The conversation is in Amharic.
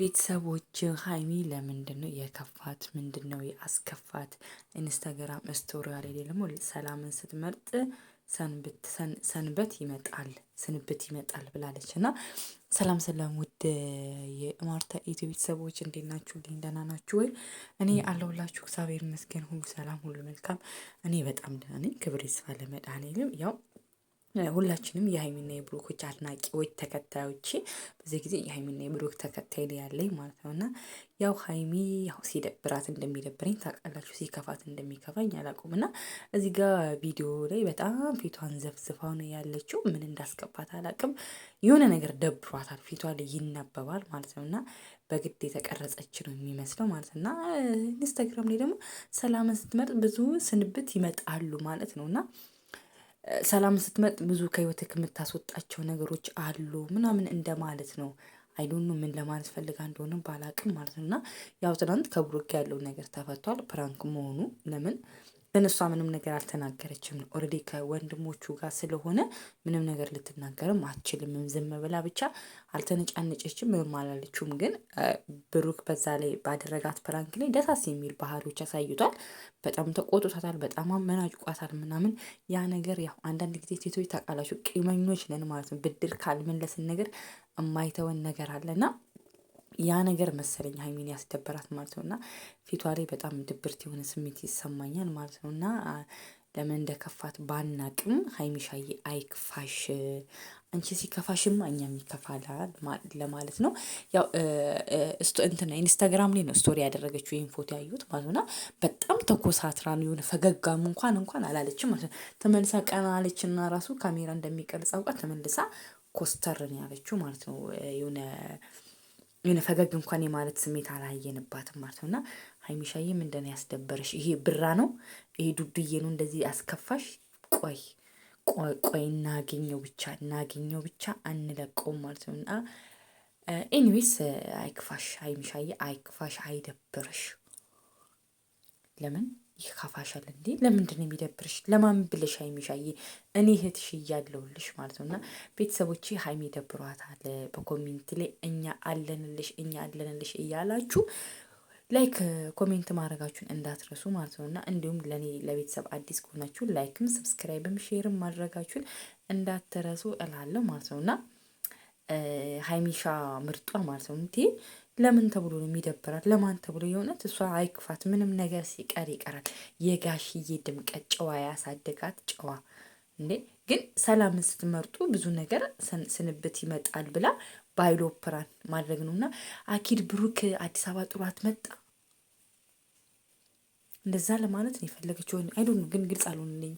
ቤተሰቦችን ሀይሚ ለምንድን ነው የከፋት? ምንድን ነው የአስከፋት? ኢንስታግራም ስቶሪ ላይ ደግሞ ሰላምን ስትመርጥ ሰንበት ይመጣል ስንብት ይመጣል ብላለች እና ሰላም ሰላም፣ ውድ የማርታ ኢትዮ ቤተሰቦች እንዴት ናችሁ? ደህና ናችሁ ወይ? እኔ አለሁላችሁ። እግዚአብሔር ይመስገን፣ ሁሉ ሰላም፣ ሁሉ መልካም። እኔ በጣም ደህና ነኝ። ክብር ይስፋ ለመድኃኔዓለም። ያው ሁላችንም የሀይሚና የብሩኮች አድናቂዎች ተከታዮች በዚህ ጊዜ የሀይሚና የብሩክ ተከታይ ያለኝ ማለት ነው እና ያው ሀይሚ ያው ሲደብራት እንደሚደብረኝ ታውቃላችሁ፣ ሲከፋት እንደሚከፋኝ አላውቅም። እና እዚህ ጋር ቪዲዮ ላይ በጣም ፊቷን ዘፍዝፋ ነው ያለችው። ምን እንዳስገባት አላውቅም። የሆነ ነገር ደብሯታል፣ ፊቷ ላይ ይነበባል ማለት ነው እና በግድ የተቀረጸች ነው የሚመስለው ማለት እና ኢንስታግራም ላይ ደግሞ ሰላምን ስትመርጥ ብዙ ስንብት ይመጣሉ ማለት ነው እና ሰላም ስትመጥ ብዙ ከህይወትህ የምታስወጣቸው ነገሮች አሉ ምናምን እንደማለት ነው። አይዶኑ ምን ለማለት ፈልጋ እንደሆነ ባላቅም ማለት ነው። እና ያው ትናንት ከብሩክ ያለው ነገር ተፈቷል። ፕራንክ መሆኑ ለምን ለእነሷ ምንም ነገር አልተናገረችም። ኦልሬዲ ከወንድሞቹ ጋር ስለሆነ ምንም ነገር ልትናገርም አትችልም። ዝም ብላ ብቻ አልተነጫነጨችም፣ ምንም አላለችውም። ግን ብሩክ በዛ ላይ ባደረጋት ፕራንክ ላይ ደሳስ የሚል ባህሪዎች አሳይቷል። በጣም ተቆጥቷታል፣ በጣም አመናጭቋታል ምናምን። ያ ነገር ያው አንዳንድ ጊዜ ሴቶች ታውቃላችሁ፣ ቂመኞች ነን ማለት ነው። ብድር ካልመለስን ነገር የማይተወን ነገር አለና ያ ነገር መሰለኝ ሀይሚን ያስደበራት ማለት ነው እና ፊቷ ላይ በጣም ድብርት የሆነ ስሜት ይሰማኛል ማለት ነው እና ለምን እንደከፋት ባናቅም ሀይሚሻዬ አይክፋሽ፣ አንቺ ሲከፋሽም እኛም ይከፋላል ለማለት ነው። ያው እንትን ኢንስታግራም ላይ ነው ስቶሪ ያደረገችው ይህን ፎቶ ያዩት ማለት ነው። በጣም ተኮሳትራ ነው የሆነ ፈገጋም እንኳን እንኳን አላለችም ማለት ነው። ተመልሳ ቀና አለችና ራሱ ካሜራ እንደሚቀርጽ አውቃ ተመልሳ ኮስተርን ያለችው ማለት ነው የሆነ የሆነ ፈገግ እንኳን የማለት ስሜት አላየንባትም ማለት ነው። እና ሀይሚሻዬ ምንድን ነው ያስደበረሽ? ይሄ ብራ ነው? ይሄ ዱድዬ ነው እንደዚህ አስከፋሽ? ቆይ ቆይ ቆይ እናገኘው ብቻ እናገኘው ብቻ አንለቀውም ማለት ነው። እና ኤኒዌይስ አይክፋሽ ሀይሚሻዬ አይክፋሽ፣ አይደብርሽ ለምን ይከፋሻል እንዴ? ለምንድን ነው የሚደብርሽ? ለማን ብለሽ ሀይሚሻዬ? እኔ እህትሽ እያለሁልሽ ማለት ነው። እና ቤተሰቦች ሀይሚ ደብሯታል። በኮሜንት ላይ እኛ አለንልሽ፣ እኛ አለንልሽ እያላችሁ ላይክ ኮሜንት ማድረጋችሁን እንዳትረሱ ማለት ነው። እና እንዲሁም ለእኔ ለቤተሰብ አዲስ ከሆናችሁ ላይክም ሰብስክራይብም ሼርም ማድረጋችሁን እንዳትረሱ እላለሁ ማለት ነው። እና ሀይሚሻ ምርጧ ማለት ነው እንዴ ለምን ተብሎ ነው የሚደብራት? ለማን ተብሎ የሆነት እሷ አይክፋት። ምንም ነገር ሲቀር ይቀራል። የጋሽዬ ድምቀት ጨዋ ያሳደጋት ጨዋ እንዴ። ግን ሰላምን ስትመርጡ ብዙ ነገር ስንብት ይመጣል ብላ ባይሎፕራን ማድረግ ነው እና አኪድ ብሩክ አዲስ አበባ ጥሯት መጣ። እንደዛ ለማለት ነው የፈለገችው። አይዶ ግን ግልጽ አልሆንልኝ።